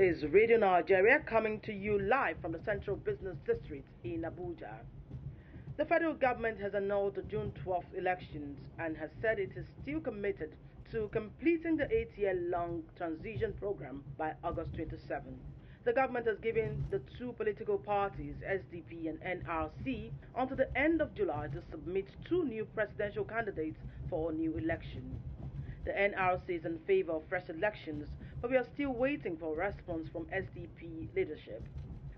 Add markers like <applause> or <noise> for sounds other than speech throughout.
is Radio Nigeria coming to you live from the Central Business District in Abuja. The federal government has annulled the June 12 elections and has said it is still committed to completing the eight year long transition program by August 27. The government has given the two political parties, SDP and NRC, until the end of July to submit two new presidential candidates for a new election. The NRC is in favor of fresh elections but we are still waiting for a response from SDP leadership.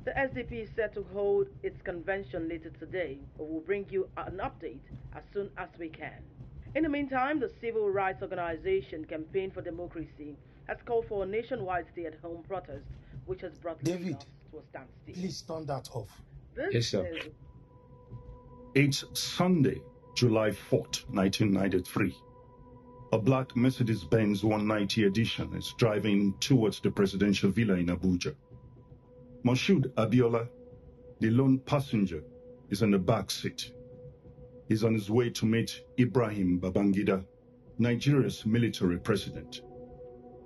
The SDP is set to hold its convention later today, but we'll bring you an update as soon as we can. In the meantime, the civil rights organization Campaign for Democracy has called for a nationwide stay-at-home protest, which has brought David to a standstill. Please turn that off. This yes, sir. Is... It's Sunday, July 4th, 1993 a black Mercedes Benz 190 edition is driving towards the presidential villa in Abuja. Mashud Abiola, the lone passenger, is in the back seat. He's on his way to meet Ibrahim Babangida, Nigeria's military president.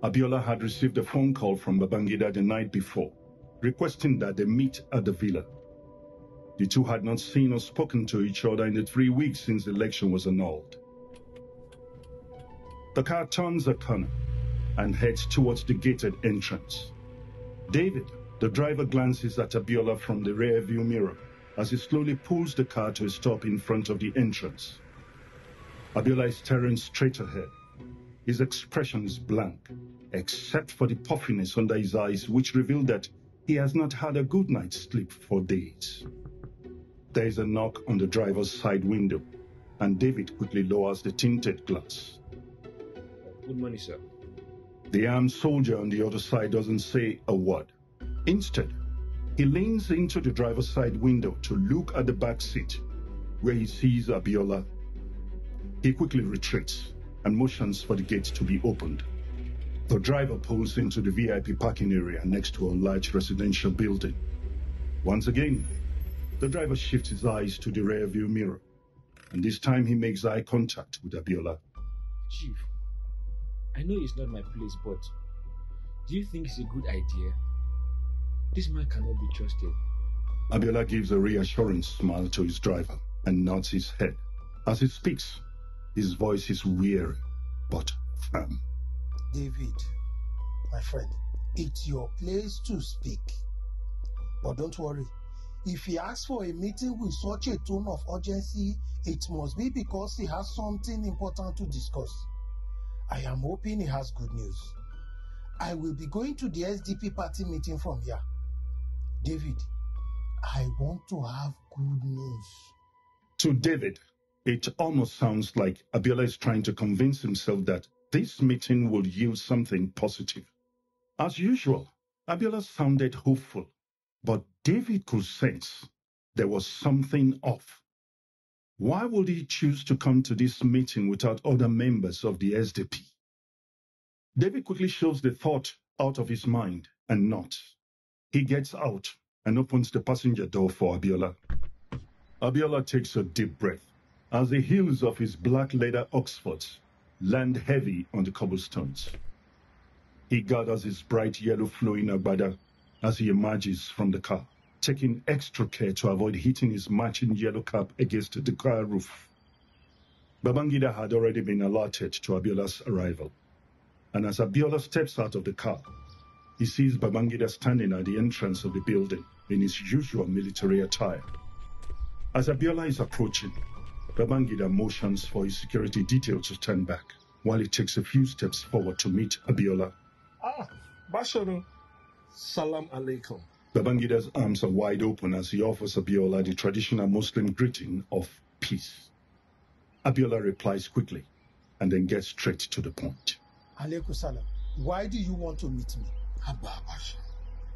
Abiola had received a phone call from Babangida the night before, requesting that they meet at the villa. The two had not seen or spoken to each other in the three weeks since the election was annulled. The car turns the corner and heads towards the gated entrance. David, the driver, glances at Abiola from the rearview mirror as he slowly pulls the car to a stop in front of the entrance. Abiola is staring straight ahead. His expression is blank, except for the puffiness under his eyes, which reveal that he has not had a good night's sleep for days. There is a knock on the driver's side window, and David quickly lowers the tinted glass. Good morning, sir. The armed soldier on the other side doesn't say a word. Instead, he leans into the driver's side window to look at the back seat, where he sees Abiola. He quickly retreats and motions for the gate to be opened. The driver pulls into the VIP parking area next to a large residential building. Once again, the driver shifts his eyes to the rearview mirror, and this time he makes eye contact with Abiola. Chief, I know it's not my place, but do you think it's a good idea? This man cannot be trusted. Abiola gives a reassuring smile to his driver and nods his head. As he speaks, his voice is weary but firm. David, my friend, it's your place to speak. But don't worry, if he asks for a meeting with such a tone of urgency, it must be because he has something important to discuss. I am hoping he has good news. I will be going to the SDP party meeting from here. David, I want to have good news. To David, it almost sounds like Abiola is trying to convince himself that this meeting will yield something positive. As usual, Abiola sounded hopeful, but David could sense there was something off. Why would he choose to come to this meeting without other members of the SDP? David quickly shoves the thought out of his mind and nods. He gets out and opens the passenger door for Abiola. Abiola takes a deep breath as the heels of his black leather oxfords land heavy on the cobblestones. He gathers his bright yellow flowing abaya as he emerges from the car taking extra care to avoid hitting his matching yellow cap against the car roof. Babangida had already been alerted to Abiola's arrival, and as Abiola steps out of the car, he sees Babangida standing at the entrance of the building in his usual military attire. As Abiola is approaching, Babangida motions for his security detail to turn back while he takes a few steps forward to meet Abiola. Ah, Basharu, salam alaikum. Babangida's arms are wide open as he offers Abiola the traditional Muslim greeting of peace. Abiola replies quickly and then gets straight to the point. Aleko Salam, why do you want to meet me? Abba Abasha,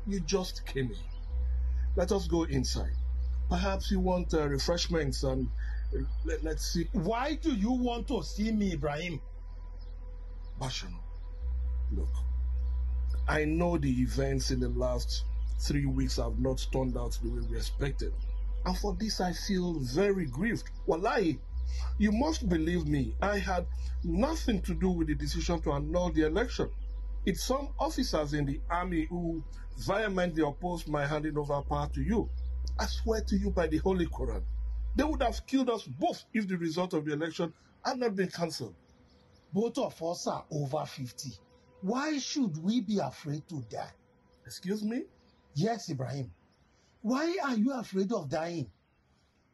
you just came in. Let us go inside. Perhaps you want uh, refreshments and uh, let, us see. Why do you want to see me, Ibrahim? Bashan, look, I know the events in the last three weeks have not turned out the way we expected. And for this, I feel very grieved. Wallahi, you must believe me, I had nothing to do with the decision to annul the election. It's some officers in the army who vehemently opposed my handing over power to you. I swear to you by the Holy Quran, they would have killed us both if the result of the election had not been cancelled. Both of us are over 50. Why should we be afraid to die? Excuse me? Yes, Ibrahim. Why are you afraid of dying?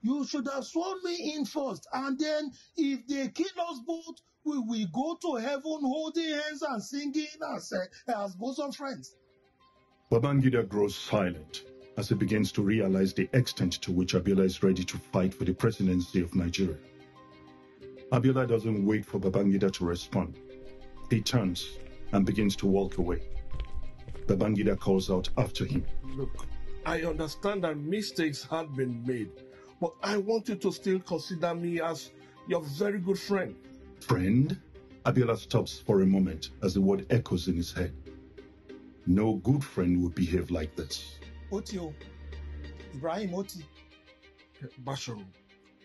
You should have sworn me in first, and then if they kill us both, we will go to heaven holding hands and singing as, uh, as bosom friends. Babangida grows silent as he begins to realize the extent to which Abiola is ready to fight for the presidency of Nigeria. Abiola doesn't wait for Babangida to respond. He turns and begins to walk away. The Babangida calls out after him. Look, I understand that mistakes have been made, but I want you to still consider me as your very good friend. Friend? Abiola stops for a moment as the word echoes in his head. No good friend would behave like this. Otio, Ibrahim Oti, Basharu,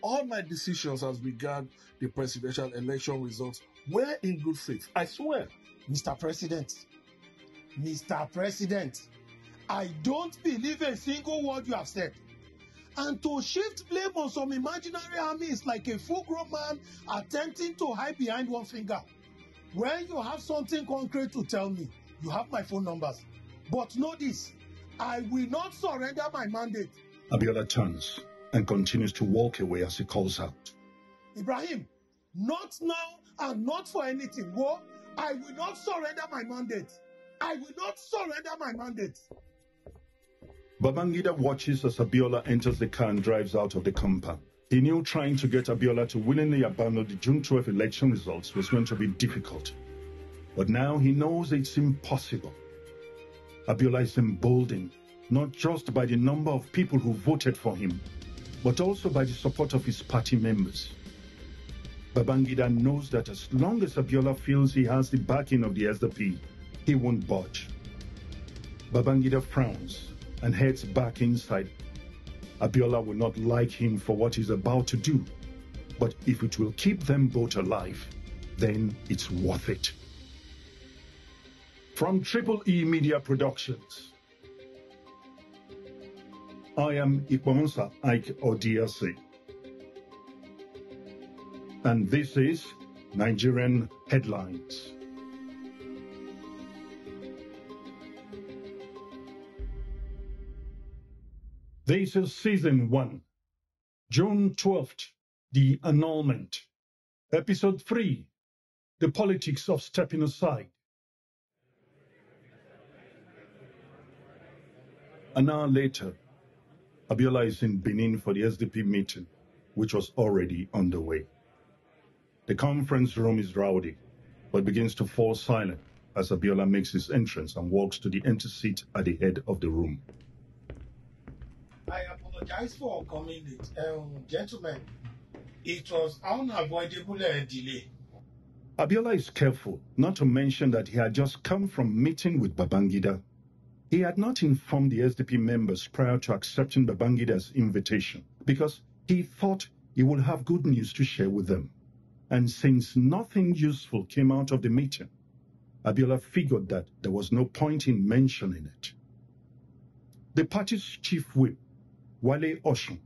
all my decisions as regard the presidential election results were in good faith, I swear. Mr. President, Mr. President, I don't believe a single word you have said. And to shift blame on some imaginary army is like a full grown man attempting to hide behind one finger. When you have something concrete to tell me, you have my phone numbers. But know this I will not surrender my mandate. Abiola turns and continues to walk away as he calls out. Ibrahim, not now and not for anything. Wo, I will not surrender my mandate. I will not surrender my mandate. Babangida watches as Abiola enters the car and drives out of the compound. He knew trying to get Abiola to willingly abandon the June 12 election results was going to be difficult. But now he knows it's impossible. Abiola is emboldened, not just by the number of people who voted for him, but also by the support of his party members. Babangida knows that as long as Abiola feels he has the backing of the SDP, he won't budge. Babangida frowns and heads back inside. Abiola will not like him for what he's about to do, but if it will keep them both alive, then it's worth it. From Triple E Media Productions, I am Ikwamusa Ike Odiasi. And this is Nigerian Headlines. This is Season 1, June 12th, The Annulment, Episode 3, The Politics of Stepping Aside. An hour later, Abiola is in Benin for the SDP meeting, which was already underway. The conference room is rowdy, but begins to fall silent as Abiola makes his entrance and walks to the empty seat at the head of the room apologize for coming late. Um, gentlemen, it was unavoidable uh, delay. Abiola is careful not to mention that he had just come from meeting with Babangida. He had not informed the SDP members prior to accepting Babangida's invitation because he thought he would have good news to share with them. And since nothing useful came out of the meeting, Abiola figured that there was no point in mentioning it. The party's chief whip Wale Oshin,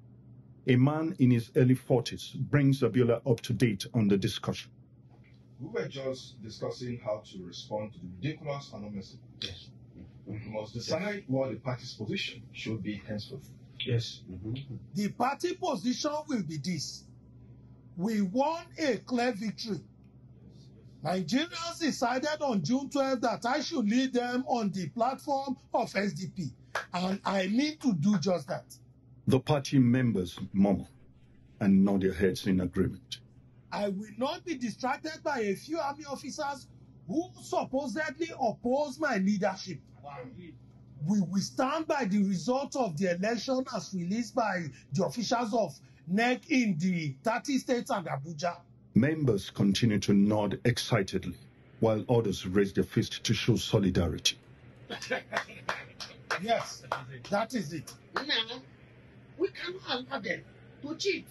a man in his early 40s, brings Abiola up to date on the discussion. We were just discussing how to respond to the ridiculous anonymity. Yes. We must decide yes. what the party's position should be henceforth. Yes. Mm-hmm. The party position will be this. We won a clear victory. Nigerians decided on June 12 that I should lead them on the platform of SDP. And I mean to do just that. The party members murmur and nod their heads in agreement. I will not be distracted by a few army officers who supposedly oppose my leadership. We will stand by the result of the election as released by the officials of NEC in the 30 states and Abuja. Members continue to nod excitedly, while others raise their fists to show solidarity. <laughs> yes, that is it. No we cannot allow them to cheat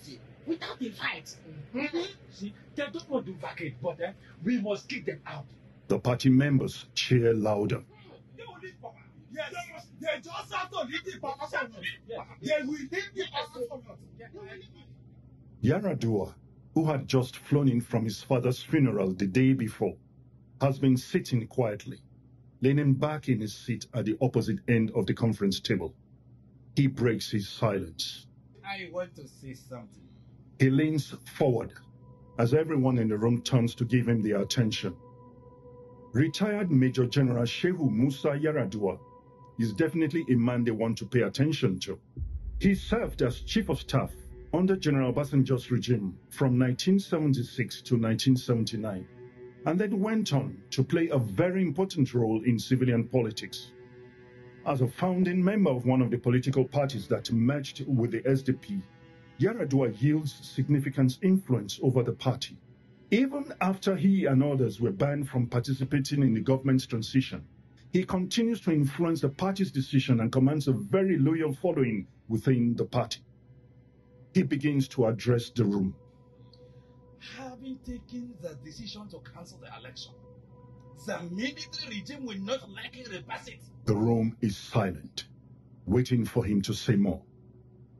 without the fight. Mm-hmm. See, they don't want to vacate, but eh, we must kick them out. The party members cheer louder. Yes. They, just have to leave the Yes. They will leave the Yaradua, who had just flown in from his father's funeral the day before, has been sitting quietly, leaning back in his seat at the opposite end of the conference table. He breaks his silence. I want to say something. He leans forward as everyone in the room turns to give him their attention. Retired Major General Shehu Musa Yaradua is definitely a man they want to pay attention to. He served as Chief of Staff under General Basanjo's regime from 1976 to 1979 and then went on to play a very important role in civilian politics. As a founding member of one of the political parties that merged with the SDP, Yaradua yields significant influence over the party. Even after he and others were banned from participating in the government's transition, he continues to influence the party's decision and commands a very loyal following within the party. He begins to address the room. Having taken the decision to cancel the election, the military regime will not likely reverse it. The room is silent, waiting for him to say more.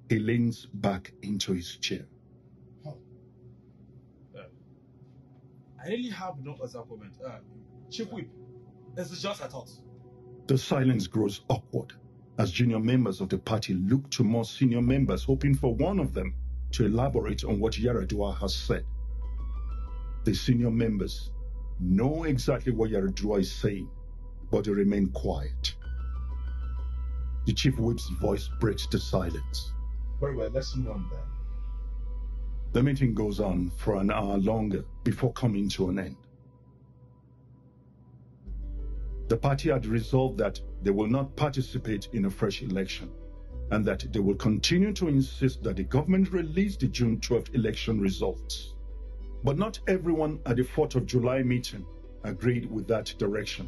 He leans back into his chair. Huh. Uh, I really have no other comment. Uh, Chief Whip, this is just a thought. The silence grows awkward as junior members of the party look to more senior members, hoping for one of them to elaborate on what Yaradua has said. The senior members know exactly what Yaradua is saying, but they remain quiet. The chief whip's voice breaks the silence. Very well, let's move on then. The meeting goes on for an hour longer before coming to an end. The party had resolved that they will not participate in a fresh election and that they will continue to insist that the government release the June 12th election results. But not everyone at the 4th of July meeting agreed with that direction,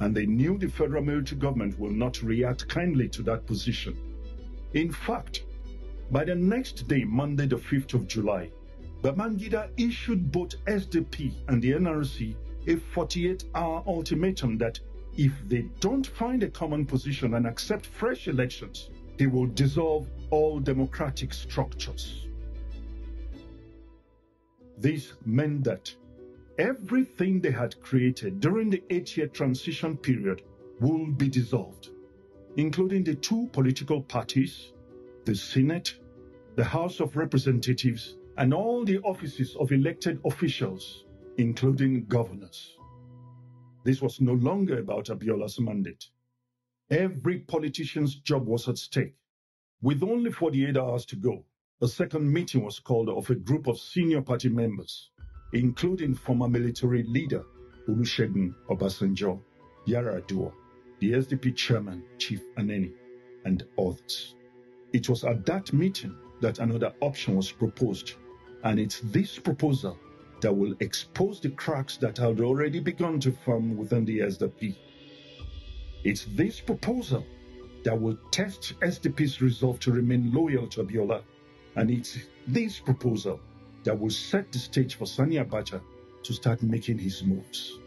and they knew the federal military government will not react kindly to that position. In fact, by the next day, Monday the 5th of July, Babangida issued both SDP and the NRC a 48-hour ultimatum that if they don't find a common position and accept fresh elections, they will dissolve all democratic structures. This meant that everything they had created during the eight year transition period would be dissolved, including the two political parties, the Senate, the House of Representatives, and all the offices of elected officials, including governors. This was no longer about Abiola's mandate. Every politician's job was at stake, with only 48 hours to go a second meeting was called of a group of senior party members, including former military leader Olusegun Obasanjo, Yaradua, the SDP chairman, Chief Aneni, and others. It was at that meeting that another option was proposed, and it's this proposal that will expose the cracks that had already begun to form within the SDP. It's this proposal that will test SDP's resolve to remain loyal to Abiola and it's this proposal that will set the stage for Sani Abacha to start making his moves.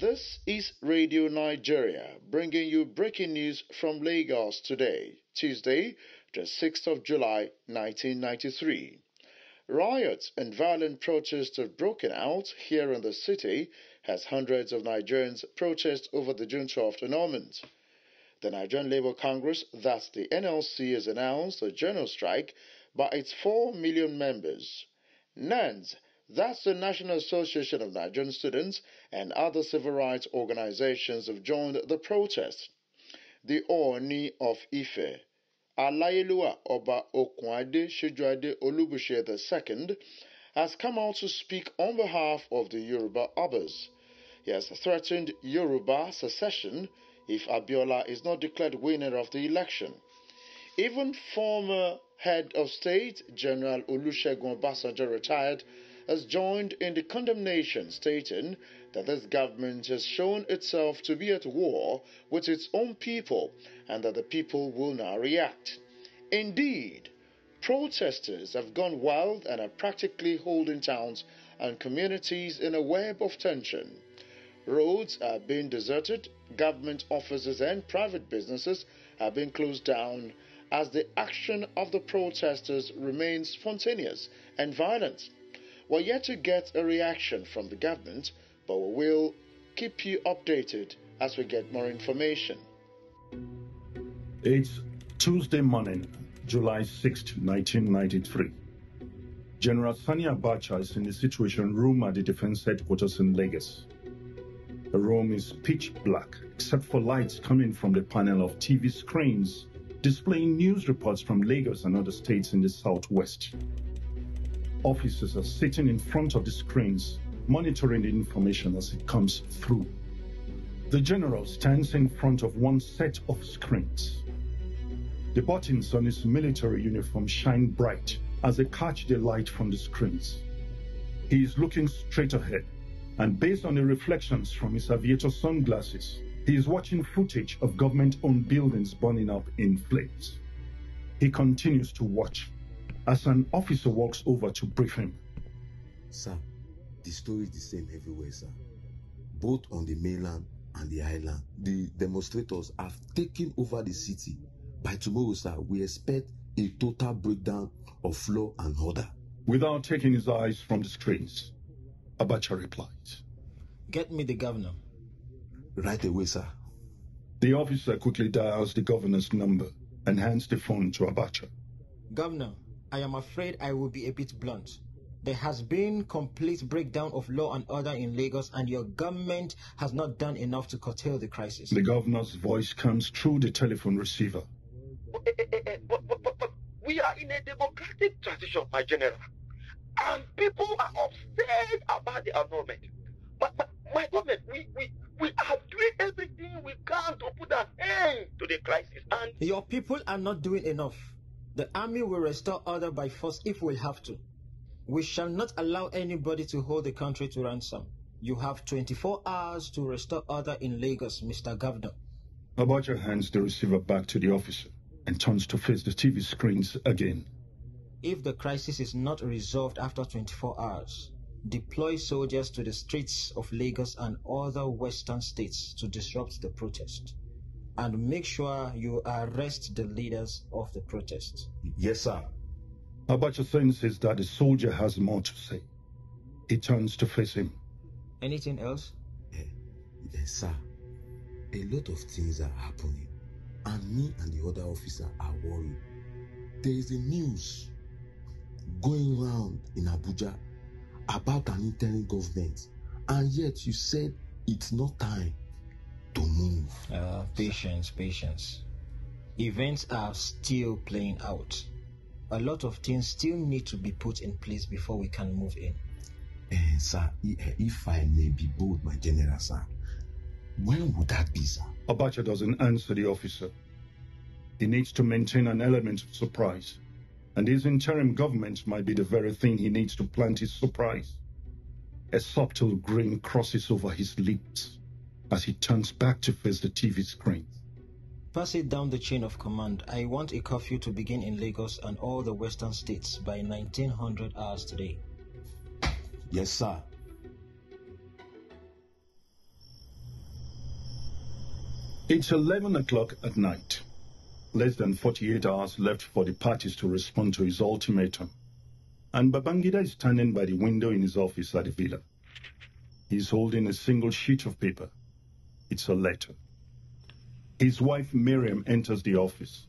This is Radio Nigeria, bringing you breaking news from Lagos today, Tuesday, the 6th of July, 1993. Riots and violent protests have broken out here in the city as hundreds of Nigerians protest over the June 12 annulment. The Nigerian Labour Congress, thus the NLC, has announced a general strike by its 4 million members. NANS, that's the National Association of Nigerian Students and other civil rights organizations have joined the protest. The Orni of Ife Alayeluwa Oba Okwade Shejuade Olubushe II has come out to speak on behalf of the Yoruba Abbas. He has threatened Yoruba secession if Abiola is not declared winner of the election. Even former head of state, General Olusegun Obasanjo, retired, has joined in the condemnation, stating that this government has shown itself to be at war with its own people and that the people will now react. Indeed, protesters have gone wild and are practically holding towns and communities in a web of tension. Roads are being deserted, government offices and private businesses are being closed down as the action of the protesters remains spontaneous and violent. We're yet to get a reaction from the government but we will keep you updated as we get more information. It's Tuesday morning, July 6, 1993. General Sani Abacha is in the Situation Room at the Defense Headquarters in Lagos. The room is pitch black, except for lights coming from the panel of TV screens displaying news reports from Lagos and other states in the southwest. Officers are sitting in front of the screens, monitoring the information as it comes through. The general stands in front of one set of screens. The buttons on his military uniform shine bright as they catch the light from the screens. He is looking straight ahead, and based on the reflections from his aviator sunglasses, he is watching footage of government owned buildings burning up in flames. He continues to watch as an officer walks over to brief him. Sir, the story is the same everywhere, sir. Both on the mainland and the island, the demonstrators have taken over the city. By tomorrow, sir, we expect a total breakdown of law and order. Without taking his eyes from the screens, Abacha replied. Get me the governor. Right away, sir. The officer quickly dials the governor's number and hands the phone to Abacha. Governor, I am afraid I will be a bit blunt. There has been complete breakdown of law and order in Lagos, and your government has not done enough to curtail the crisis. The governor's voice comes through the telephone receiver. But, but, but, we are in a democratic transition, my general, and people are upset about the environment. But, my government, we, we, we are doing everything we can to put an end to the crisis. And your people are not doing enough. The army will restore order by force if we have to. We shall not allow anybody to hold the country to ransom. You have 24 hours to restore order in Lagos, Mr. Governor. your hands the receiver back to the officer and turns to face the TV screens again. If the crisis is not resolved after 24 hours, deploy soldiers to the streets of Lagos and other western states to disrupt the protest. And make sure you arrest the leaders of the protest. Yes, sir. Abacha senses that the soldier has more to say. He turns to face him. Anything else? Uh, eh, yes, eh, sir. A lot of things are happening, and me and the other officer are worried. There is a news going round in Abuja about an interim government, and yet you said it's not time to move. Uh, patience, patience. Events are still playing out a lot of things still need to be put in place before we can move in. Uh, sir, eh, if I may be bold, my general, sir, when would that be, sir? Abacha doesn't answer the officer. He needs to maintain an element of surprise. And his interim government might be the very thing he needs to plant his surprise. A subtle grin crosses over his lips as he turns back to face the TV screen. Pass it down the chain of command. I want a curfew to begin in Lagos and all the western states by 1900 hours today. Yes, sir. It's 11 o'clock at night. Less than 48 hours left for the parties to respond to his ultimatum. And Babangida is standing by the window in his office at the villa. He's holding a single sheet of paper. It's a letter. His wife Miriam enters the office.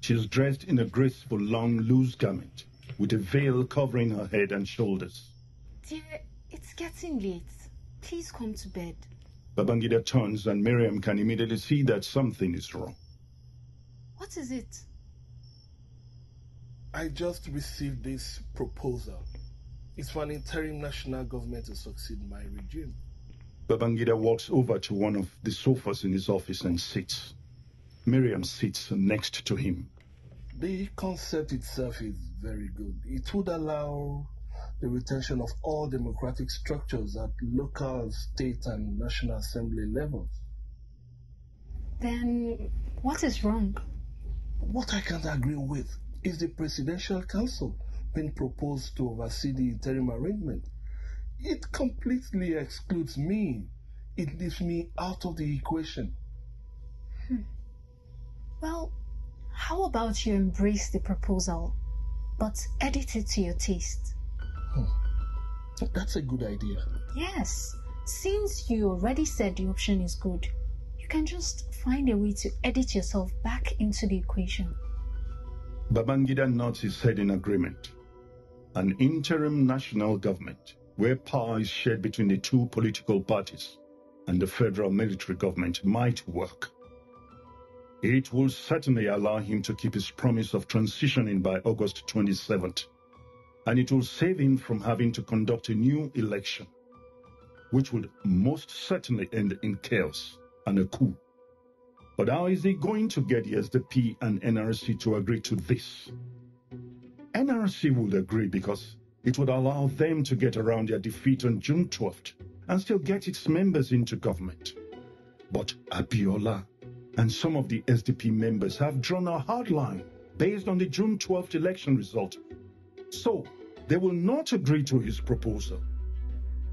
She is dressed in a graceful, long, loose garment, with a veil covering her head and shoulders. Dear, it's getting late. Please come to bed. Babangida turns and Miriam can immediately see that something is wrong. What is it? I just received this proposal. It's for an interim national government to succeed my regime. Babangida walks over to one of the sofas in his office and sits. Miriam sits next to him. The concept itself is very good. It would allow the retention of all democratic structures at local, state, and national assembly levels. Then what is wrong? What I can't agree with is the Presidential Council being proposed to oversee the interim arrangement it completely excludes me. It leaves me out of the equation. Hmm. Well, how about you embrace the proposal, but edit it to your taste? Hmm. That's a good idea. Yes. Since you already said the option is good, you can just find a way to edit yourself back into the equation. Babangida nods his head in agreement. An interim national government where power is shared between the two political parties and the federal military government might work. It will certainly allow him to keep his promise of transitioning by August 27th, and it will save him from having to conduct a new election, which would most certainly end in chaos and a coup. But how is he going to get the SDP and NRC to agree to this? NRC would agree because it would allow them to get around their defeat on June 12th and still get its members into government. But Abiola and some of the SDP members have drawn a hard line based on the June 12th election result. So, they will not agree to his proposal.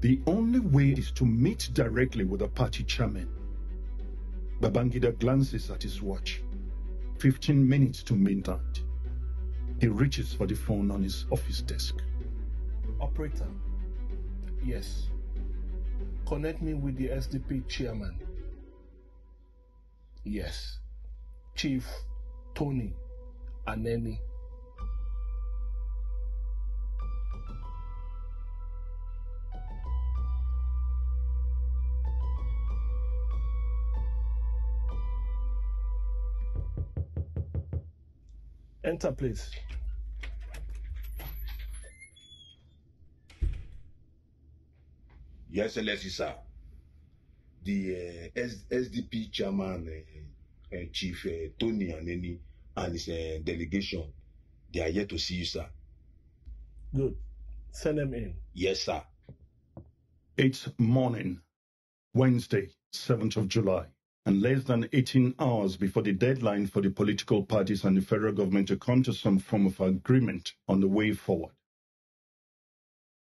The only way is to meet directly with the party chairman. Babangida glances at his watch. 15 minutes to midnight. He reaches for the phone on his office desk operator. Yes. Connect me with the SDP chairman. Yes. Chief Tony Aneni. Enter, please. Yes, Excellency, sir, the uh, SDP chairman, uh, uh, Chief uh, Tony Aneni, and his uh, delegation, they are here to see you, sir. Good. Send them in. Yes, sir. It's morning, Wednesday, 7th of July, and less than 18 hours before the deadline for the political parties and the federal government to come to some form of agreement on the way forward.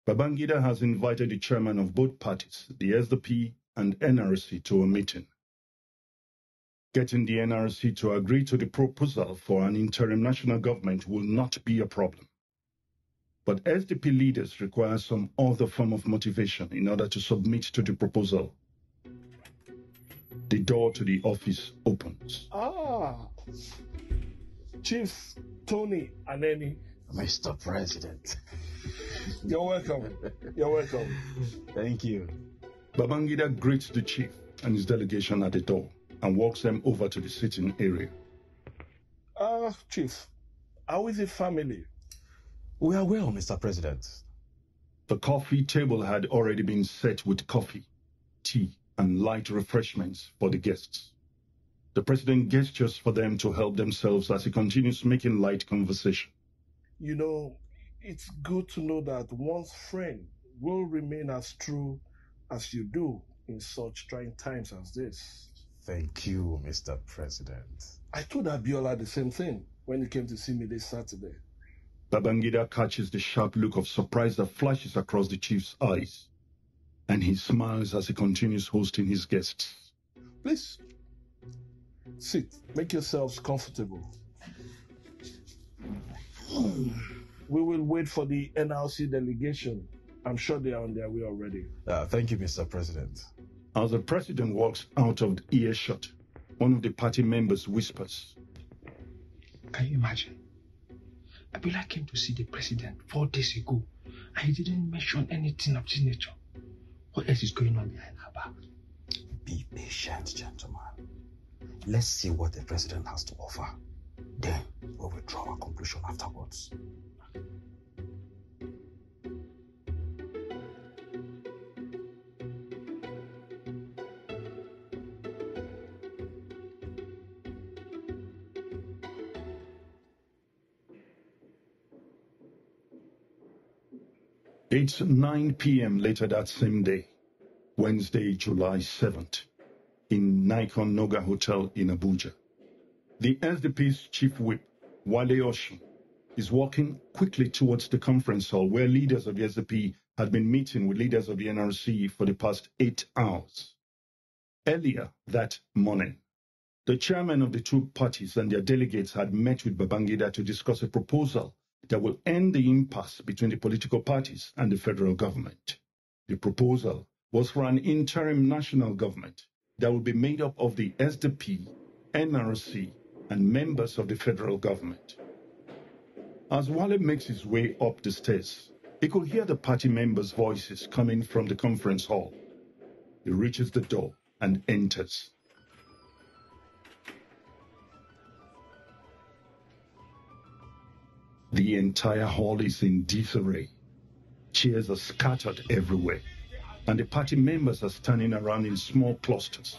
Babangida has invited the chairman of both parties, the SDP and NRC, to a meeting. Getting the NRC to agree to the proposal for an interim national government will not be a problem. But SDP leaders require some other form of motivation in order to submit to the proposal. The door to the office opens. Ah, Chiefs Tony Aneni Mr. President. You're welcome. You're welcome. Thank you. Babangida greets the chief and his delegation at the door and walks them over to the sitting area. Ah, uh, chief, how is the family? We are well, Mr. President. The coffee table had already been set with coffee, tea, and light refreshments for the guests. The president gestures for them to help themselves as he continues making light conversation you know, it's good to know that one's friend will remain as true as you do in such trying times as this. Thank you, Mr. President. I told Abiola the same thing when he came to see me this Saturday. Babangida catches the sharp look of surprise that flashes across the chief's eyes, and he smiles as he continues hosting his guests. Please, sit, make yourselves comfortable we will wait for the NLC delegation. I'm sure they are on their way already. Uh, thank you, Mr. President. As the president walks out of earshot, one of the party members whispers, Can you imagine? Abila came to see the president four days ago, and he didn't mention anything of this nature. What else is going on behind her back? Be patient, gentlemen. Let's see what the president has to offer. Then we will draw our conclusion afterwards. It's 9 p.m. later that same day, Wednesday, July 7th, in Nikon Noga Hotel in Abuja. The SDP's chief whip, Wale Oshi, is walking quickly towards the conference hall where leaders of the SDP had been meeting with leaders of the NRC for the past eight hours. Earlier that morning, the chairman of the two parties and their delegates had met with Babangida to discuss a proposal that will end the impasse between the political parties and the federal government. The proposal was for an interim national government that would be made up of the SDP, NRC, and members of the federal government. As Wale makes his way up the stairs, he could hear the party members' voices coming from the conference hall. He reaches the door and enters. The entire hall is in disarray. Chairs are scattered everywhere, and the party members are standing around in small clusters.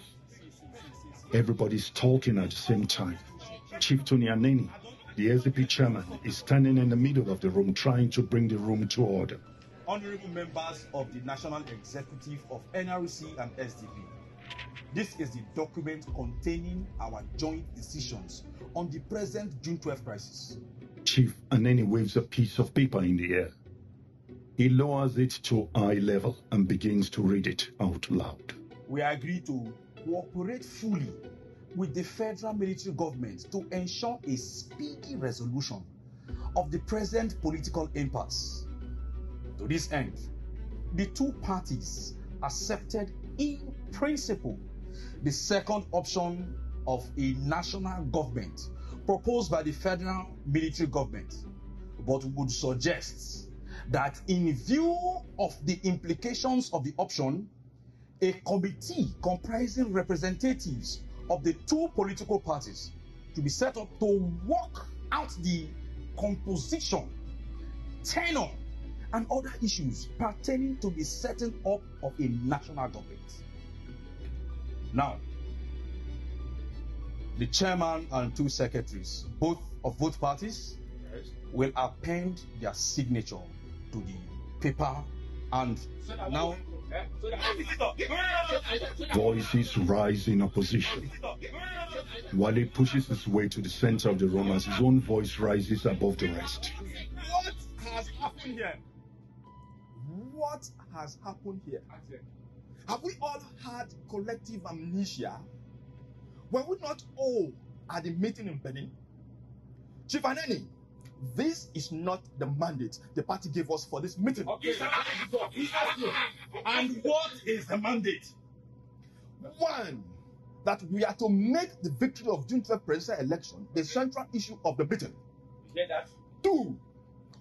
Everybody's talking at the same time. Chief Tony the SDP chairman, is standing in the middle of the room trying to bring the room to order. Honorable members of the National Executive of NRC and SDP, this is the document containing our joint decisions on the present June 12 crisis. Chief Aneni waves a piece of paper in the air. He lowers it to eye level and begins to read it out loud. We agree to cooperate fully with the federal military government to ensure a speedy resolution of the present political impasse. To this end, the two parties accepted in principle the second option of a national government proposed by the federal military government, but would suggest that in view of the implications of the option, a committee comprising representatives of the two political parties to be set up to work out the composition, tenor, and other issues pertaining to the setting up of a national government. Now, the chairman and two secretaries, both of both parties, yes. will append their signature to the paper and so now. Voices rise in opposition. Wale pushes his way to the center of the room as his own voice rises above the rest. What has happened here? What has happened here? Have we all had collective amnesia? Were we not all at the meeting in Benin? Chief Anani? this is not the mandate the party gave us for this meeting. Okay, and what is the mandate? One, that we are to make the victory of June 12 presidential election the central issue of the Britain. You hear that? Two,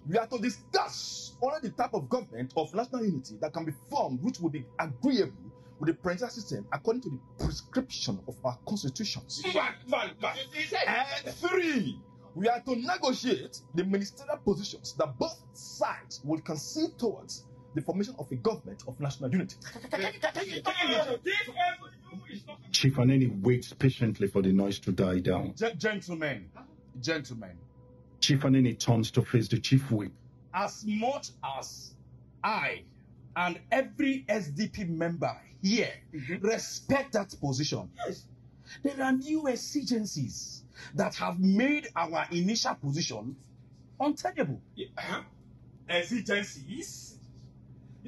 we are to discuss only the type of government of national unity that can be formed which will be agreeable with the presidential system according to the prescription of our constitutions. Back, back, back. And three, we are to negotiate the ministerial positions that both sides will concede towards the formation of a government of national unity. Chief Aneni waits patiently for the noise to die down. G gentlemen, gentlemen. Chief Aneni turns to face the chief whip. As much as I and every SDP member here mm -hmm. respect that position, yes. there are new exigencies that have made our initial position untenable. Yeah. Uh-huh. Exigencies?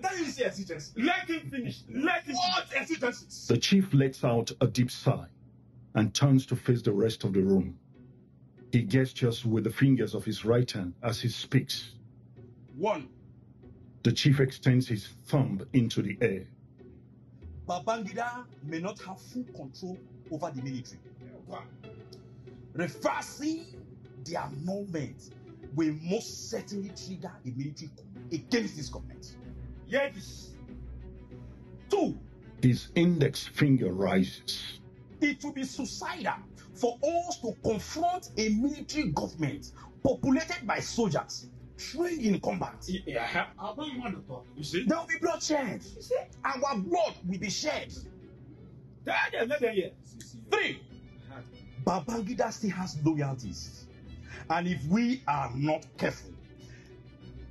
Let him finish. Let him what exigencies? The chief lets out a deep sigh and turns to face the rest of the room. He gestures with the fingers of his right hand as he speaks. One. The chief extends his thumb into the air. Babangida may not have full control over the military. Reversing their movement will most certainly trigger a military coup against this government. Yes. Two. His index finger rises. It will be suicidal for us to confront a military government populated by soldiers trained in combat. Yeah. You see? There will be bloodshed. You see? Our blood will be shed. Three. Babangida still has loyalties. And if we are not careful,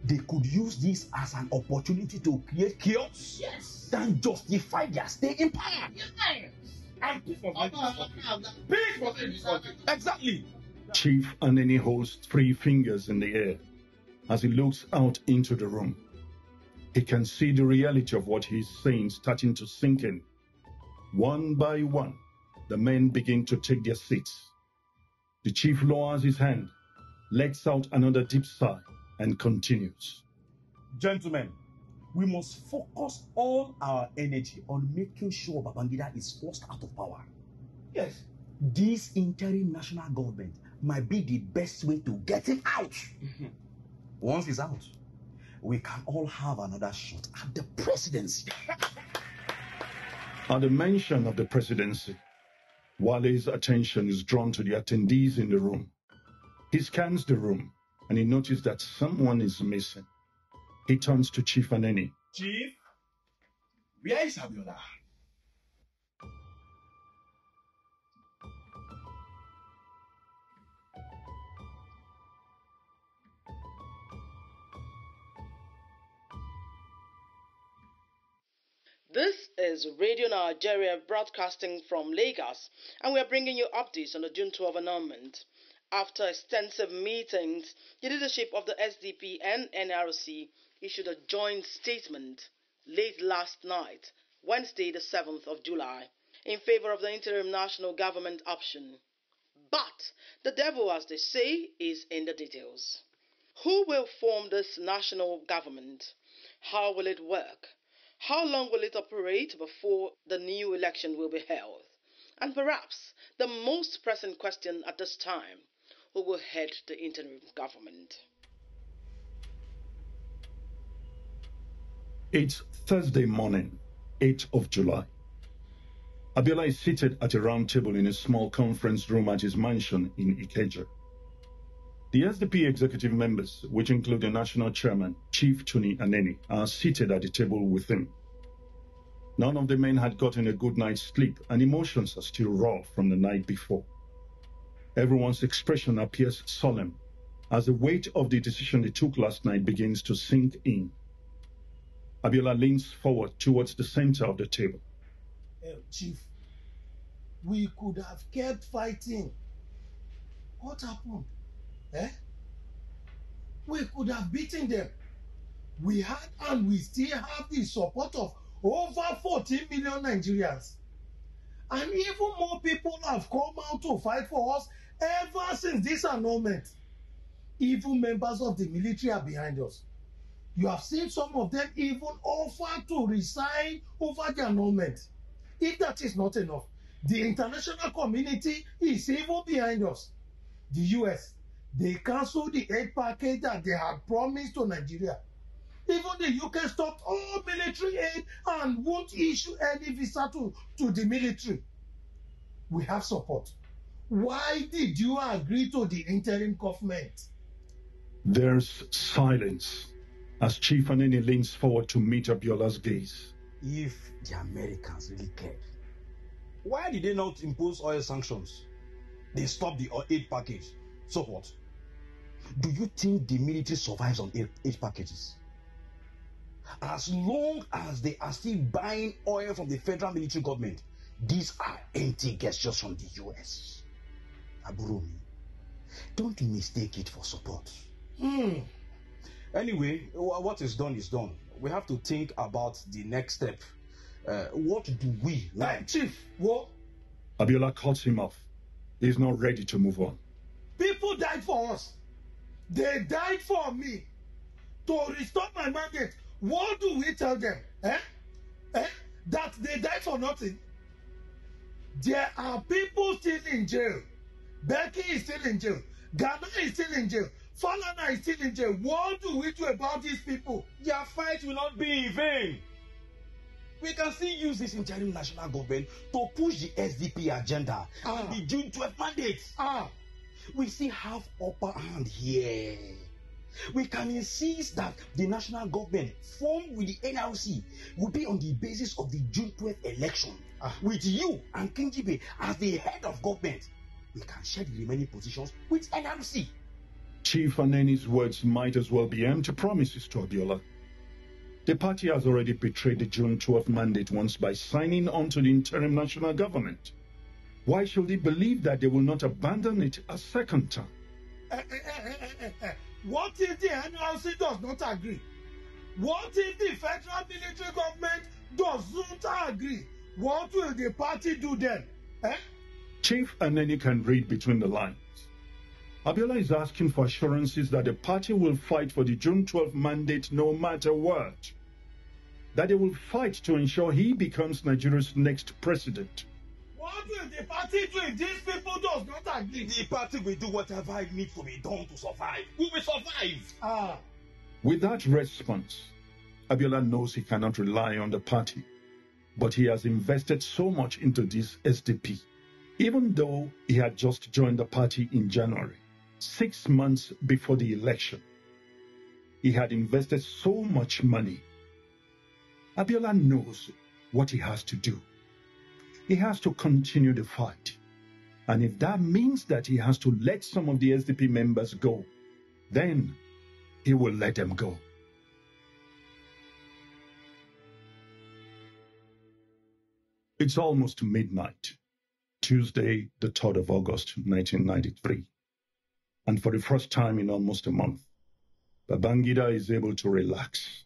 they could use this as an opportunity to create chaos yes. and justify their stay in power. Yes. And peace was in this Exactly. Chief Anini holds three fingers in the air as he looks out into the room. He can see the reality of what he's saying starting to sink in. One by one, the men begin to take their seats. The chief lowers his hand, lets out another deep sigh, and continues. Gentlemen, we must focus all our energy on making sure Babangida is forced out of power. Yes. This interim national government might be the best way to get him out. Mm-hmm. Once he's out, we can all have another shot at the presidency. at the mention of the presidency, Wale's attention is drawn to the attendees in the room. He scans the room and he noticed that someone is missing. He turns to Chief Aneni. Chief, where is Abiola? This is Radio Nigeria broadcasting from Lagos, and we are bringing you updates on the June 12 announcement. After extensive meetings, the leadership of the SDP and NRC issued a joint statement late last night, Wednesday, the 7th of July, in favor of the interim national government option. But the devil, as they say, is in the details. Who will form this national government? How will it work? How long will it operate before the new election will be held? And perhaps the most pressing question at this time who will head the interim government. It's Thursday morning, 8th of July. Abiola is seated at a round table in a small conference room at his mansion in Ikeja. The SDP executive members, which include the national chairman, Chief Tuni Aneni, are seated at the table with him. None of the men had gotten a good night's sleep, and emotions are still raw from the night before. Everyone's expression appears solemn as the weight of the decision they took last night begins to sink in. Abiola leans forward towards the center of the table. Uh, Chief, we could have kept fighting. What happened? Eh? We could have beaten them. We had and we still have the support of over 14 million Nigerians. And even more people have come out to fight for us Ever since this annulment, even members of the military are behind us. You have seen some of them even offer to resign over the annulment. If that is not enough, the international community is even behind us. The US, they canceled the aid package that they had promised to Nigeria. Even the UK stopped all military aid and won't issue any visa to, to the military. We have support. Why did you agree to the interim government? There's silence as Chief Anini leans forward to meet Abiola's gaze. If the Americans really cared, why did they not impose oil sanctions? They stopped the aid package. So what? Do you think the military survives on aid, aid packages? As long as they are still buying oil from the federal military government, these are empty gestures from the US. Aburumi. Don't mistake it for support. Hmm. Anyway, what is done is done. We have to think about the next step. Uh, what do we like? Hey, Chief, what? Abiola cuts him off. He's not ready to move on. People died for us. They died for me. To restore my mandate, what do we tell them? Eh? Eh? That they died for nothing? There are people still in jail. Becky is still in jail. Ghana is still in jail. Falana is still in jail. What do we do about these people? Their fight will not be in vain. We can still use this interim national government to push the SDP agenda ah. and the June 12 mandates. Ah. We still have upper hand here. We can insist that the national government formed with the NRC will be on the basis of the June 12th election ah. with you and Kingibe as the head of government. We can share the remaining positions with NMC. Chief Aneni's words might as well be empty promises to Abiola. The party has already betrayed the June 12 mandate once by signing on to the interim national government. Why should they believe that they will not abandon it a second time? Eh, eh, eh, what if the NLC does not agree? What if the federal military government doesn't agree? What will the party do then? Eh? Chief and then you can read between the lines. Abiola is asking for assurances that the party will fight for the June 12 mandate no matter what. That they will fight to ensure he becomes Nigeria's next president. What will the party do if these people does not agree? The party will do whatever it needs to be done to survive. We will survive. Ah. With that response, Abiola knows he cannot rely on the party, but he has invested so much into this SDP even though he had just joined the party in January, six months before the election. He had invested so much money. Abiola knows what he has to do. He has to continue the fight. And if that means that he has to let some of the SDP members go, then he will let them go. It's almost midnight. Tuesday, the 3rd of August, 1993. And for the first time in almost a month, Babangida is able to relax.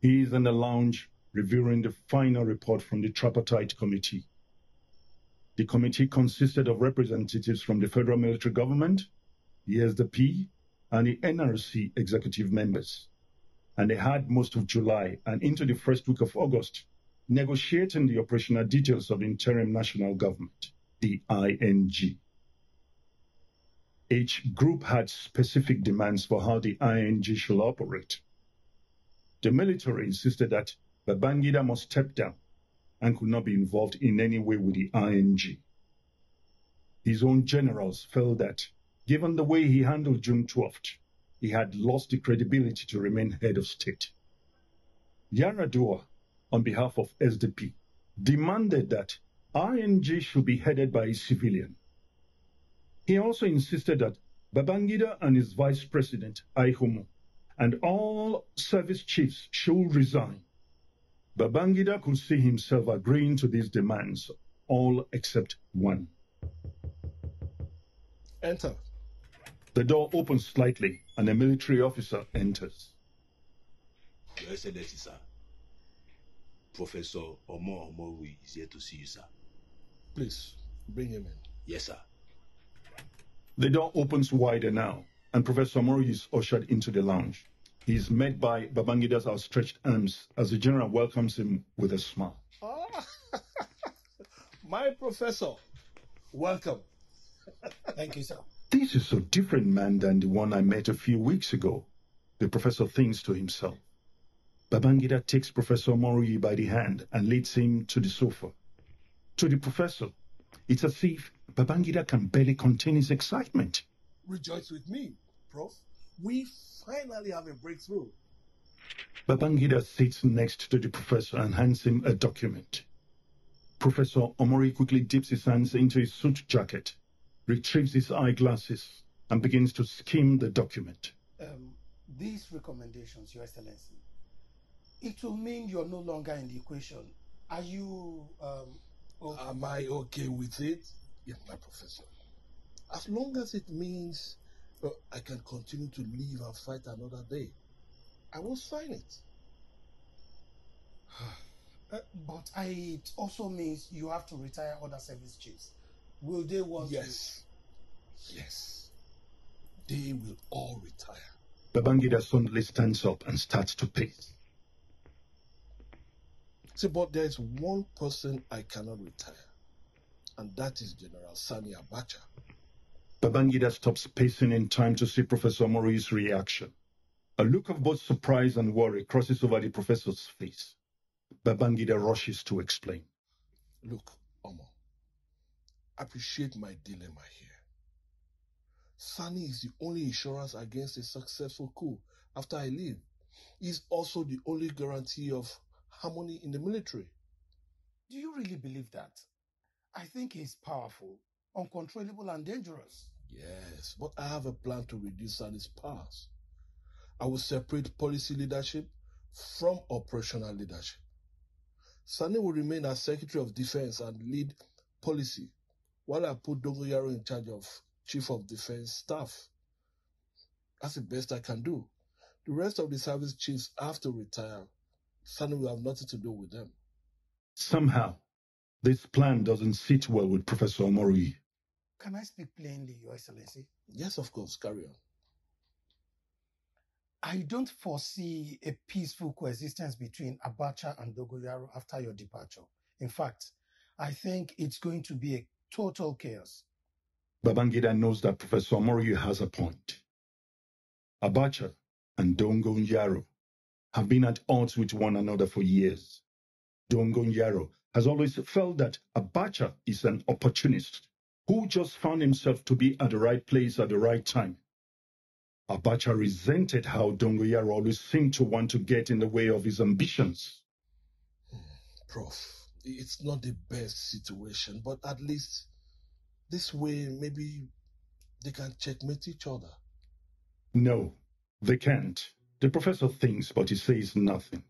He is in the lounge reviewing the final report from the tripartite committee. The committee consisted of representatives from the federal military government, the SDP, and the NRC executive members. And they had most of July and into the first week of August negotiating the operational details of interim national government, the ING. Each group had specific demands for how the ING should operate. The military insisted that Babangida must step down and could not be involved in any way with the ING. His own generals felt that, given the way he handled June 12th, he had lost the credibility to remain head of state. Yaradua on behalf of SDP, demanded that ING should be headed by a civilian. He also insisted that Babangida and his vice president, Aihomo, and all service chiefs should resign. Babangida could see himself agreeing to these demands, all except one. Enter. The door opens slightly and a military officer enters. Your Excellency, sir. Professor Omo Omoru is here to see you, sir. Please, bring him in. Yes, sir. The door opens wider now, and Professor Omoru is ushered into the lounge. He is met by Babangida's outstretched arms as the general welcomes him with a smile. Ah, <laughs> my professor, welcome. Thank you, sir. This is a different, man, than the one I met a few weeks ago. The professor thinks to himself. Babangida takes Professor Moruyi by the hand and leads him to the sofa. To the professor, it's as if Babangida can barely contain his excitement. Rejoice with me, Prof. We finally have a breakthrough. Babangida sits next to the professor and hands him a document. Professor Omori quickly dips his hands into his suit jacket, retrieves his eyeglasses, and begins to skim the document. Um, these recommendations, Your Excellency, it will mean you're no longer in the equation. Are you um, okay? Am I okay with it? Yes, my professor. As long as it means I can continue to live and fight another day, I will sign it. <sighs> uh, but I, it also means you have to retire other service chiefs. Will they want Yes. To? Yes. They will all retire. Babangida suddenly stands up and starts to pace. See, but there is one person I cannot retire, and that is General Sani Abacha. Babangida stops pacing in time to see Professor Mori's reaction. A look of both surprise and worry crosses over the professor's face. Babangida rushes to explain. Look, Omo, appreciate my dilemma here. Sani is the only insurance against a successful coup after I leave. He's also the only guarantee of harmony in the military. Do you really believe that? I think he's powerful, uncontrollable, and dangerous. Yes, but I have a plan to reduce Sani's powers. I will separate policy leadership from operational leadership. Sani will remain as Secretary of Defense and lead policy, while I put Dongoyaro in charge of Chief of Defense Staff. That's the best I can do. The rest of the service chiefs have to retire Suddenly we have nothing to do with them. Somehow, this plan doesn't sit well with Professor Omori. Can I speak plainly, Your Excellency? Yes, of course. Carry on. I don't foresee a peaceful coexistence between Abacha and Dogoyaro after your departure. In fact, I think it's going to be a total chaos. Babangida knows that Professor Moriyu has a point. Abacha and Dongo Yaro have been at odds with one another for years. Dongonyaro has always felt that Abacha is an opportunist who just found himself to be at the right place at the right time. Abacha resented how Dongoyaro always seemed to want to get in the way of his ambitions. Prof, it's not the best situation, but at least this way maybe they can checkmate each other. No, they can't. The professor thinks, but he says nothing.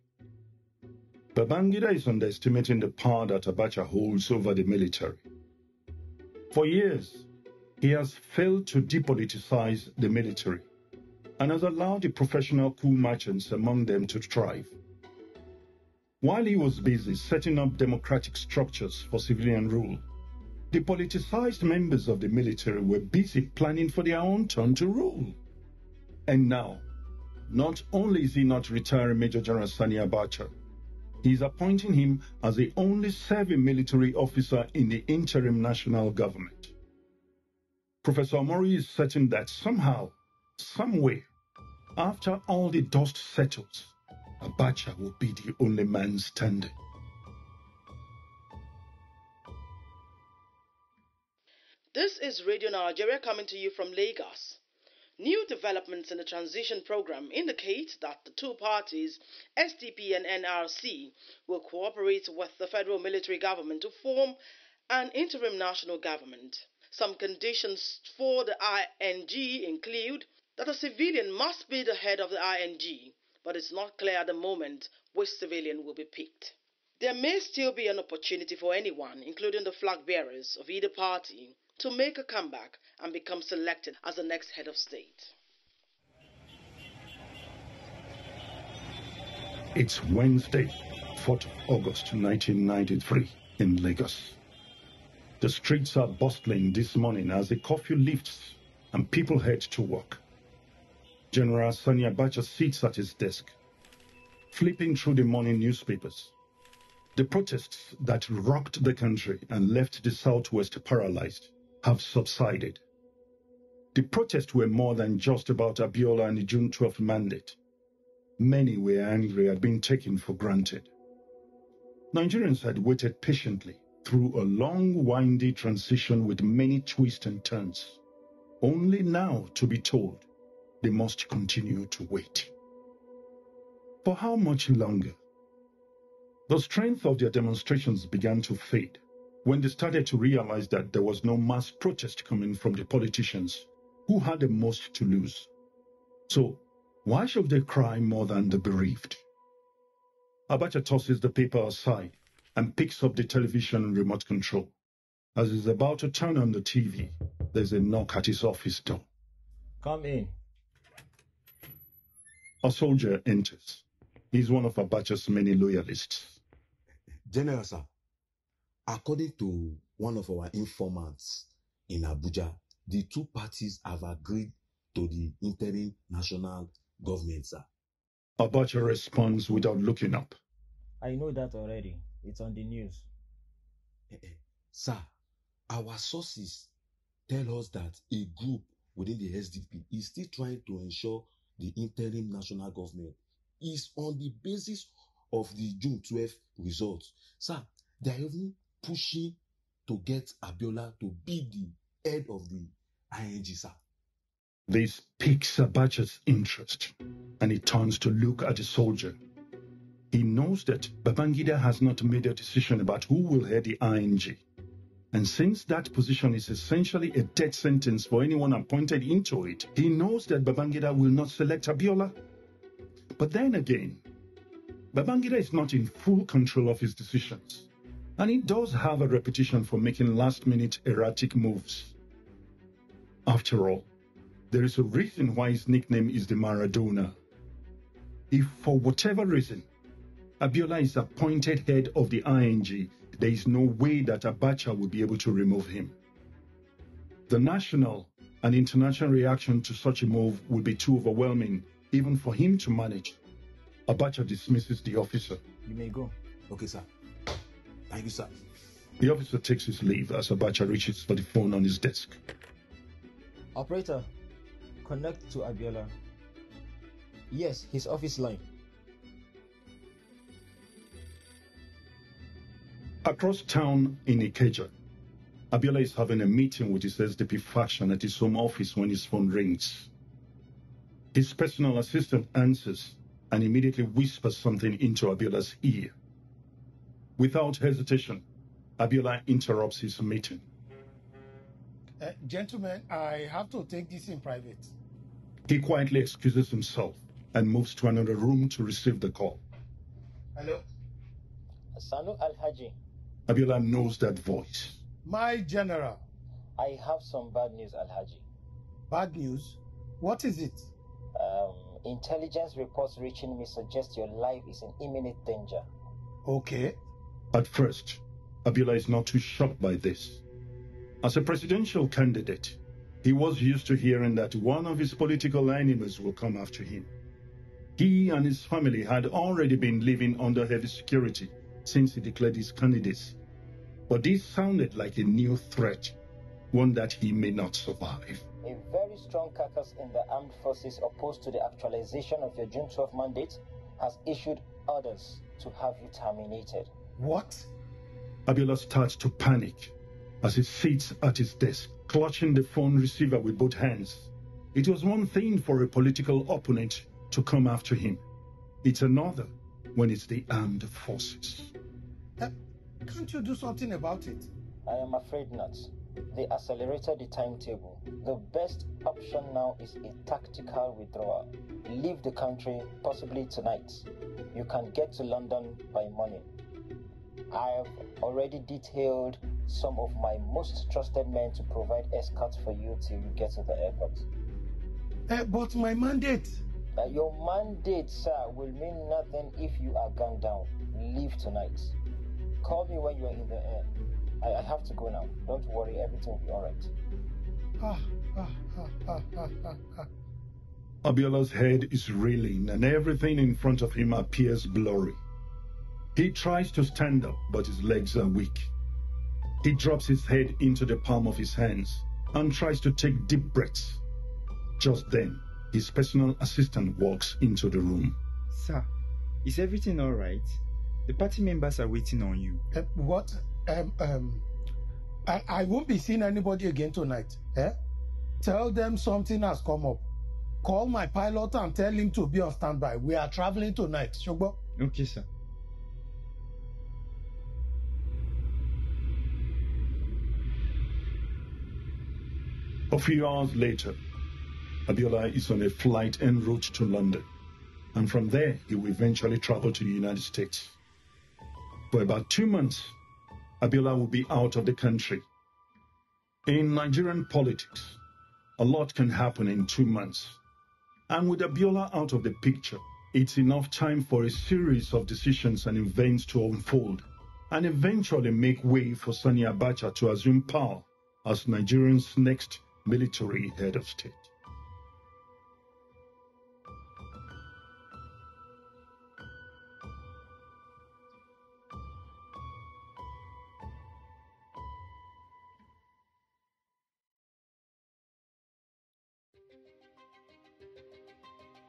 Babangida is underestimating the power that Abacha holds over the military. For years, he has failed to depoliticize the military and has allowed the professional coup merchants among them to thrive. While he was busy setting up democratic structures for civilian rule, the politicized members of the military were busy planning for their own turn to rule. And now, not only is he not retiring Major General Sani Abacha, he is appointing him as the only serving military officer in the interim national government. Professor Omori is certain that somehow, someway, after all the dust settles, Abacha will be the only man standing. This is Radio Nigeria coming to you from Lagos. New developments in the transition program indicate that the two parties, SDP and NRC, will cooperate with the federal military government to form an interim national government. Some conditions for the ING include that a civilian must be the head of the ING, but it's not clear at the moment which civilian will be picked. There may still be an opportunity for anyone, including the flag bearers of either party, to make a comeback and become selected as the next head of state. It's Wednesday, 4th August 1993 in Lagos. The streets are bustling this morning as the curfew lifts and people head to work. General Sani Abacha sits at his desk, flipping through the morning newspapers. The protests that rocked the country and left the Southwest paralyzed have subsided. The protests were more than just about Abiola and the June 12 mandate. Many were angry at being taken for granted. Nigerians had waited patiently through a long, windy transition with many twists and turns, only now to be told they must continue to wait. For how much longer? The strength of their demonstrations began to fade when they started to realize that there was no mass protest coming from the politicians who had the most to lose. So, why should they cry more than the bereaved? Abacha tosses the paper aside and picks up the television remote control. As he's about to turn on the TV, there's a knock at his office door. Come in. A soldier enters. He's one of Abacha's many loyalists. General, sir, According to one of our informants in Abuja, the two parties have agreed to the interim national government, sir. Abacha responds without looking up. I know that already. It's on the news. Eh, eh, sir, our sources tell us that a group within the SDP is still trying to ensure the interim national government is on the basis of the June 12th results. Sir, they are even pushing to get Abiola to be the head of the ING, This piques Abacha's interest, and he turns to look at the soldier. He knows that Babangida has not made a decision about who will head the ING. And since that position is essentially a death sentence for anyone appointed into it, he knows that Babangida will not select Abiola. But then again, Babangida is not in full control of his decisions and he does have a reputation for making last minute erratic moves. After all, there is a reason why his nickname is the Maradona. If for whatever reason Abiola is appointed head of the ING, there is no way that Abacha will be able to remove him. The national and international reaction to such a move would be too overwhelming, even for him to manage. Abacha dismisses the officer. You may go. Okay, sir. Thank you, sir. The officer takes his leave as Abacha reaches for the phone on his desk. Operator, connect to Abiola. Yes, his office line. Across town in Ikeja, Abiola is having a meeting with his SDP faction at his home office when his phone rings. His personal assistant answers and immediately whispers something into Abiola's ear. Without hesitation, Abiola interrupts his meeting. Uh, gentlemen, I have to take this in private. He quietly excuses himself and moves to another room to receive the call. Hello? Asano Al Haji. Abiola knows that voice. My general. I have some bad news, Al Bad news? What is it? Um, intelligence reports reaching me suggest your life is in imminent danger. Okay. At first, Abila is not too shocked by this. As a presidential candidate, he was used to hearing that one of his political enemies will come after him. He and his family had already been living under heavy security since he declared his candidacy, but this sounded like a new threat, one that he may not survive. A very strong caucus in the armed forces opposed to the actualization of your June 12 mandate has issued orders to have you terminated. What? Abiola starts to panic as he sits at his desk, clutching the phone receiver with both hands. It was one thing for a political opponent to come after him. It's another when it's the armed forces. Uh, can't you do something about it? I am afraid not. They accelerated the timetable. The best option now is a tactical withdrawal. Leave the country, possibly tonight. You can get to London by morning. I've already detailed some of my most trusted men to provide escorts for you till you get to the airport. Uh, but my mandate. Uh, your mandate, sir, will mean nothing if you are gunned down. Leave tonight. Call me when you are in the air. I, I have to go now. Don't worry, everything will be alright. Ah, ah, ah, Abiola's head is reeling and everything in front of him appears blurry. He tries to stand up, but his legs are weak. He drops his head into the palm of his hands and tries to take deep breaths. Just then, his personal assistant walks into the room. Sir, is everything all right? The party members are waiting on you. Uh, what? Um, um, I, I won't be seeing anybody again tonight. Eh? Tell them something has come up. Call my pilot and tell him to be on standby. We are traveling tonight. Shogbo? Okay, sir. A few hours later, Abiola is on a flight en route to London, and from there he will eventually travel to the United States. For about two months, Abiola will be out of the country. In Nigerian politics, a lot can happen in two months. And with Abiola out of the picture, it's enough time for a series of decisions and events to unfold and eventually make way for Sani Abacha to assume power as Nigerians' next military head of state.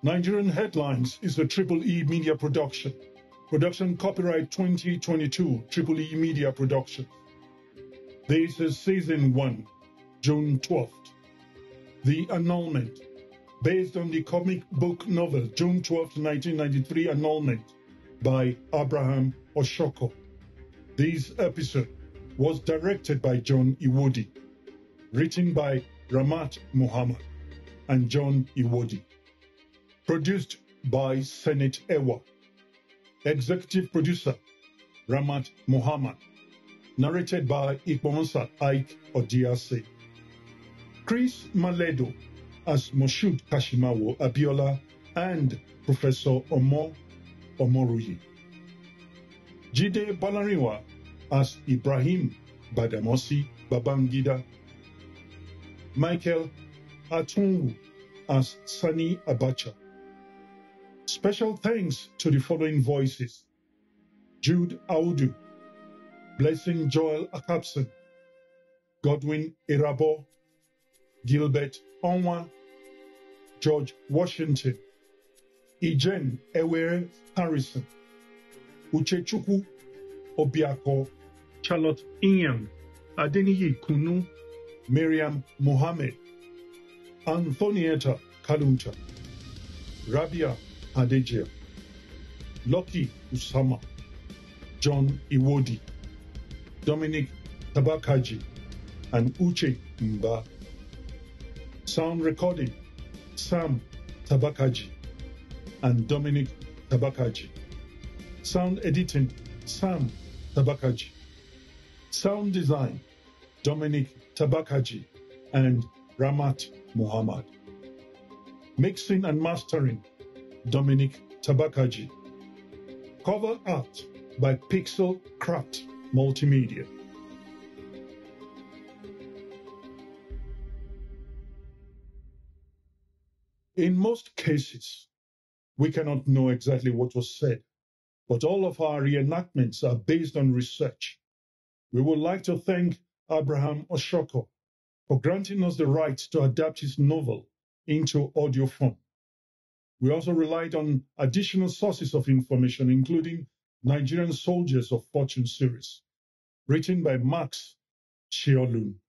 Nigerian Headlines is a Triple E media production. Production copyright 2022 Triple E media production. This is season one. June 12th. The annulment, based on the comic book novel June twelfth, nineteen 1993, Annulment by Abraham Oshoko. This episode was directed by John Iwodi, written by Ramat Muhammad and John Iwodi. Produced by Senate Ewa. Executive producer Ramat Muhammad. Narrated by Ikponsa Ike Odiase. Chris Maledo as Moshud Kashimawo Abiola and Professor Omo Omoruyi. Jide Balariwa as Ibrahim Badamosi Babangida. Michael Atungu as Sani Abacha. Special thanks to the following voices. Jude Audu, Blessing Joel Akapson, Godwin Irabo Gilbert Onwa, George Washington, Ejen Ewere Harrison, Uchechukwu Obiako, Charlotte Inyang, Adeniyi Kunu, Miriam Mohammed, Anthonyetta Kalunta, Rabia Adejia, Lucky Usama, John Iwodi, Dominic Tabakaji, and Uche Mba. Sound recording, Sam Tabakaji and Dominic Tabakaji. Sound editing, Sam Tabakaji. Sound design, Dominic Tabakaji and Ramat Muhammad. Mixing and mastering, Dominic Tabakaji. Cover art by Pixel Craft Multimedia. In most cases, we cannot know exactly what was said, but all of our reenactments are based on research. We would like to thank Abraham Oshoko for granting us the right to adapt his novel into audio form. We also relied on additional sources of information, including Nigerian Soldiers of Fortune series, written by Max Chiolun.